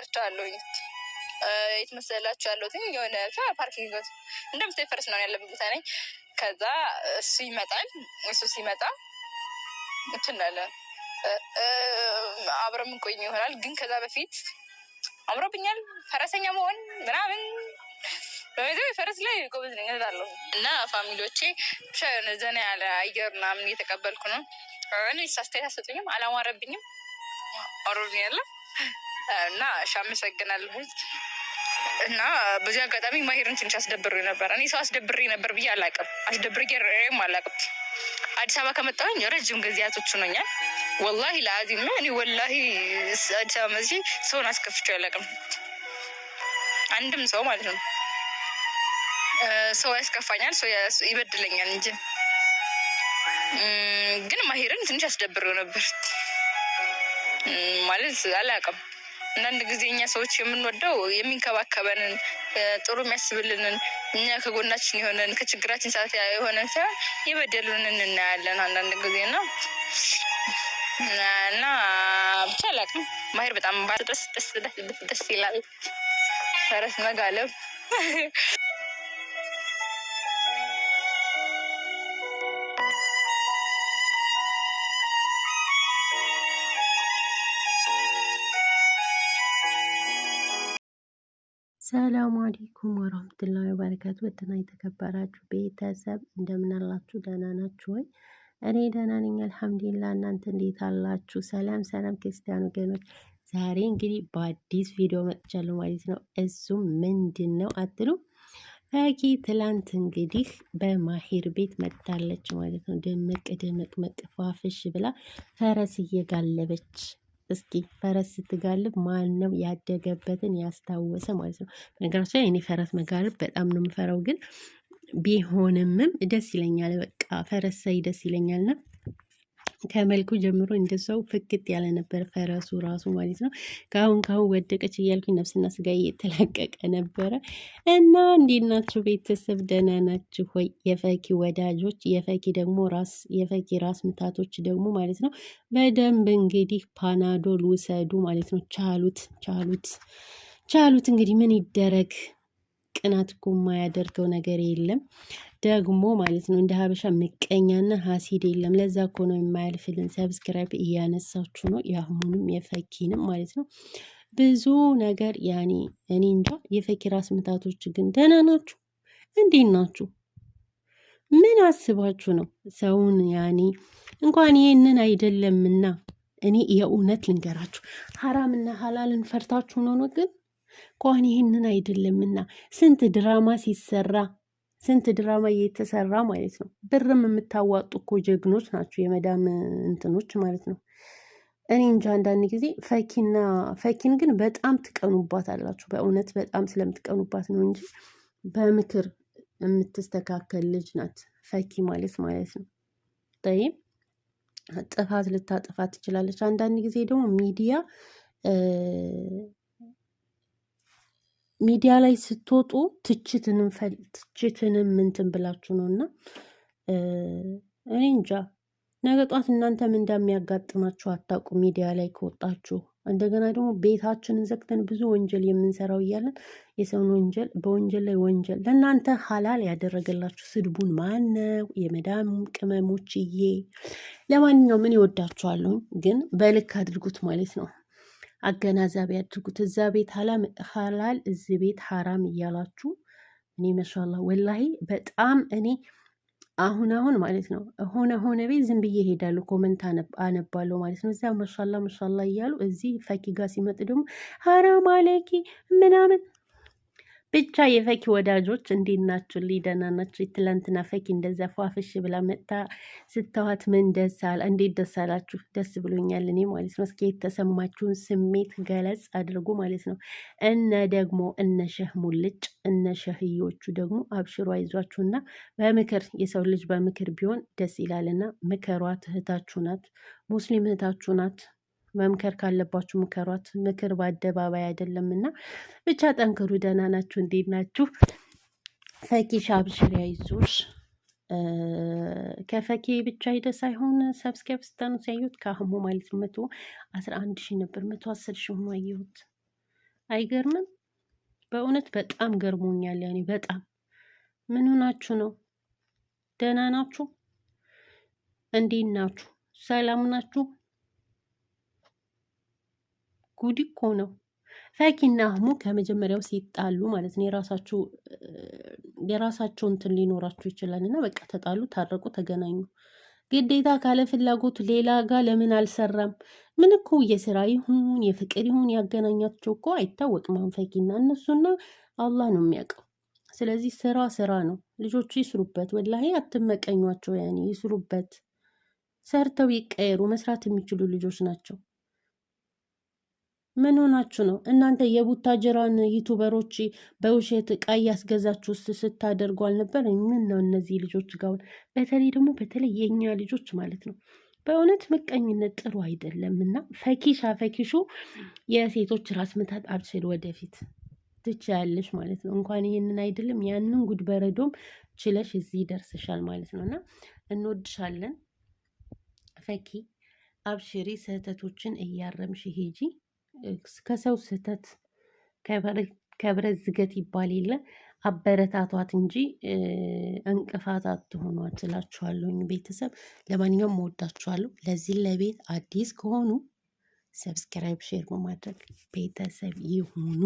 ሰርቻለሁኝ። የት መሰላችሁ ያለሁት የሆነ ፓርኪንግ እንደምታይ ፈረስ ነው ያለበት ቦታ ነኝ። ከዛ እሱ ይመጣል። እሱ ሲመጣ እንትናለ አብረ ምንቆኝ ይሆናል። ግን ከዛ በፊት አምሮብኛል ፈረሰኛ መሆን ምናምን በቤዘ ፈረስ ላይ ጎበዝ ነኝ እላለሁ እና ፋሚሊዎቼ ብቻ የሆነ ዘና ያለ አየር ምናምን እየተቀበልኩ ነው። እኔ ሳስተያየት አሰጡኝም አላማረብኝም አምሮብኛል። እና እሺ አመሰግናለሁ። እና በዚህ አጋጣሚ ማሄርን ትንሽ አስደብሬ ነበር። እኔ ሰው አስደብሬ ነበር ብዬ አላቅም፣ አስደብሬ አላቅም። አዲስ አበባ ከመጣሁኝ ረጅም ጊዜያቶች ሆኖኛል። ወላሂ ለአዚም እኔ ወላሂ አዲስ አበባ መዚ ሰውን አስከፍቼው አላቅም፣ አንድም ሰው ማለት ነው። ሰው ያስከፋኛል፣ ሰው ይበድለኛል እንጂ ግን ማሄርን ትንሽ አስደብሬው ነበር ማለት አላቅም። አንዳንድ ጊዜ እኛ ሰዎች የምንወደው የሚንከባከበንን ጥሩ የሚያስብልንን እኛ ከጎናችን የሆነን ከችግራችን ሰዓት የሆነን ሳይሆን የበደሉንን እናያለን አንዳንድ ጊዜ ነው እና ብቻ አላውቅም። ማሄር በጣም ደስ ደስ ደስ ይላል። ፈረስ መጋለብ ሰላም አለይኩም ወራህመቱላሂ ወበረካቱ። ወደና የተከበራችሁ ቤተሰብ እንደምን አላችሁ? ደህና ናችሁ ወይ? እኔ ደህና ነኝ አልሐምዱሊላህ። እናንተ እንዴት አላችሁ? ሰላም ሰላም፣ ክርስቲያን ወገኖች ዛሬ እንግዲህ በአዲስ ቪዲዮ መጥቻለሁ ማለት ነው። እሱም ምንድን ነው አትሉ ፈኪ ትላንት እንግዲህ በማሂር ቤት መጥታለች ማለት ነው። ድምቅ ድምቅ መቅፋፍሽ ብላ ፈረስ እየጋለበች እስኪ ፈረስ ስትጋልብ ነው ያደገበትን ያስታወሰ ማለት ነው። በነገራችን ላይ እኔ ፈረስ መጋልብ በጣም ነው የምፈራው፣ ግን ቢሆንምም ደስ ይለኛል። በቃ ፈረስ ሳይ ደስ ይለኛልና ከመልኩ ጀምሮ እንደሰው ፍክት ያለ ነበር ፈረሱ ራሱ ማለት ነው። ከአሁን ካሁን ወደቀች እያልኩኝ ነፍስና ስጋ እየተላቀቀ ነበረ እና እንዴት ናችሁ ቤተሰብ? ደህና ናችሁ ሆይ? የፈኪ ወዳጆች፣ የፈኪ ደግሞ ራስ የፈኪ ራስ ምታቶች ደግሞ ማለት ነው በደንብ እንግዲህ ፓናዶል ውሰዱ ማለት ነው። ቻሉት ቻሉት ቻሉት። እንግዲህ ምን ይደረግ። ቅናት እኮ የማያደርገው ነገር የለም። ደግሞ ማለት ነው እንደ ሀበሻ ምቀኛና ሀሲድ የለም። ለዛ እኮ ነው የማያልፍልን። ሰብስክራይብ እያነሳችሁ ነው የአሁኑንም የፈኪንም ማለት ነው ብዙ ነገር ያኔ እኔ እንጃ። የፈኪ ራስ ምታቶች ግን ደህና ናችሁ? እንዴት ናችሁ? ምን አስባችሁ ነው ሰውን ያኔ እንኳን ይህንን አይደለምና እኔ የእውነት ልንገራችሁ ሀራምና ሀላልን ፈርታችሁ ነው ነው ግን እንኳን ይህንን አይደለምና ስንት ድራማ ሲሰራ ስንት ድራማ እየተሰራ ማለት ነው። ብርም የምታዋጡ እኮ ጀግኖች ናቸው የመዳም እንትኖች ማለት ነው። እኔ እንጂ አንዳንድ ጊዜ ፈኪና ፈኪን ግን በጣም ትቀኑባት አላችሁ። በእውነት በጣም ስለምትቀኑባት ነው እንጂ በምክር የምትስተካከል ልጅ ናት ፈኪ ማለት ማለት ነው። ጠይም ጥፋት ልታጥፋ ትችላለች። አንዳንድ ጊዜ ደግሞ ሚዲያ ሚዲያ ላይ ስትወጡ ትችትንም ትችትንም ምንትን ብላችሁ ነው እና እኔ እንጃ ነገ ጧት እናንተም እንደሚያጋጥማችሁ አታውቁ። ሚዲያ ላይ ከወጣችሁ እንደገና ደግሞ ቤታችንን ዘግተን ብዙ ወንጀል የምንሰራው እያለን የሰውን ወንጀል በወንጀል ላይ ወንጀል ለእናንተ ሀላል ያደረገላችሁ ስድቡን ማነው? የመዳም ቅመሞችዬ። ለማንኛውም ምን ይወዳችኋለሁ፣ ግን በልክ አድርጉት ማለት ነው። አገናዛቢ ያድርጉት። እዛ ቤት ሀላል እዚ ቤት ሀራም እያላችሁ እኔ መሻላ ወላሂ በጣም እኔ አሁን አሁን ማለት ነው ሆነ ሆነ ቤት ዝም ብዬ እሄዳለሁ፣ ኮመንት አነባለሁ ማለት ነው። እዚያ መሻላ መሻላ እያሉ እዚህ ፈኪ ጋር ሲመጡ ደግሞ ሀራም አለኪ ምናምን ብቻ የፈኪ ወዳጆች እንዴት ናችሁ? ደህና ናችሁ? ትላንትና ፈኪ እንደዛ ፏፍሽ ብላ መጥታ ስታዋት ምን ደስ አለ? እንዴት ደስ አላችሁ? ደስ ብሎኛል እኔ ማለት ነው። እስኪ የተሰማችሁን ስሜት ገለጽ አድርጉ ማለት ነው። እነ ደግሞ እነ ሸህ ሙልጭ እነ ሸህዮቹ ደግሞ አብሽሮ አይዟችሁና በምክር የሰው ልጅ በምክር ቢሆን ደስ ይላልና ምከሯት። እህታችሁ ናት፣ ሙስሊም እህታችሁ ናት። መምከር ካለባችሁ ምከሯት። ምክር በአደባባይ አይደለም እና ብቻ ጠንክሩ። ደህና ናችሁ? እንዴት ናችሁ? ፈኪ ሻብሽር ያይዞሽ። ከፈኪ ብቻ ሄደ ሳይሆን ሰብስክራይብ ስታኑ ሲያዩት ከአህሙ ማለት መቶ አስራ አንድ ሺህ ነበር መቶ አስር ሺህ ሆኖ አየሁት። አይገርምም? በእውነት በጣም ገርሞኛል። ያኔ በጣም ምን ሆናችሁ ነው? ደህና ናችሁ? እንዴት ናችሁ? ሰላም ናችሁ? ጉድ እኮ ነው። ፈኪና አህሙ ከመጀመሪያው ሲጣሉ ማለት ነው የራሳቸው የራሳቸው እንትን ሊኖራችሁ ይችላል እና በቃ ተጣሉ፣ ታረቁ፣ ተገናኙ። ግዴታ ካለ ፍላጎት ሌላ ጋር ለምን አልሰራም? ምን እኮ የስራ ይሁን የፍቅር ይሁን ያገናኛቸው እኮ አይታወቅም። አንፈኪና እነሱና አላህ ነው የሚያውቀው። ስለዚህ ስራ ስራ ነው። ልጆቹ ይስሩበት፣ ወላሂ አትመቀኟቸው። ያኔ ይስሩበት፣ ሰርተው ይቀየሩ። መስራት የሚችሉ ልጆች ናቸው። ምን ሆናችሁ ነው እናንተ የቡታጀራን ዩቱበሮች በውሸት ቃይ ያስገዛችሁ ስታደርጉ አልነበር? ምን ነው እነዚህ ልጆች ጋውን፣ በተለይ ደግሞ በተለይ የእኛ ልጆች ማለት ነው። በእውነት ምቀኝነት ጥሩ አይደለም እና ፈኪሻ ፈኪሹ የሴቶች ራስ ምታት አብችል ወደፊት ትችያለሽ ማለት ነው። እንኳን ይህንን አይደለም ያንን ጉድ በረዶም ችለሽ እዚህ ደርስሻል ማለት ነው እና እንወድሻለን ፈኪ አብሽሪ ስህተቶችን እያረምሽ ሄጂ። ከሰው ስህተት ከብረት ዝገት ይባል የለ አበረታቷት እንጂ እንቅፋት አትሆኗት እላችኋለሁኝ። ቤተሰብ ለማንኛውም መወዳችኋለሁ ለዚህ ለቤት አዲስ ከሆኑ ሰብስክራይብ፣ ሼር በማድረግ ቤተሰብ ይሁኑ።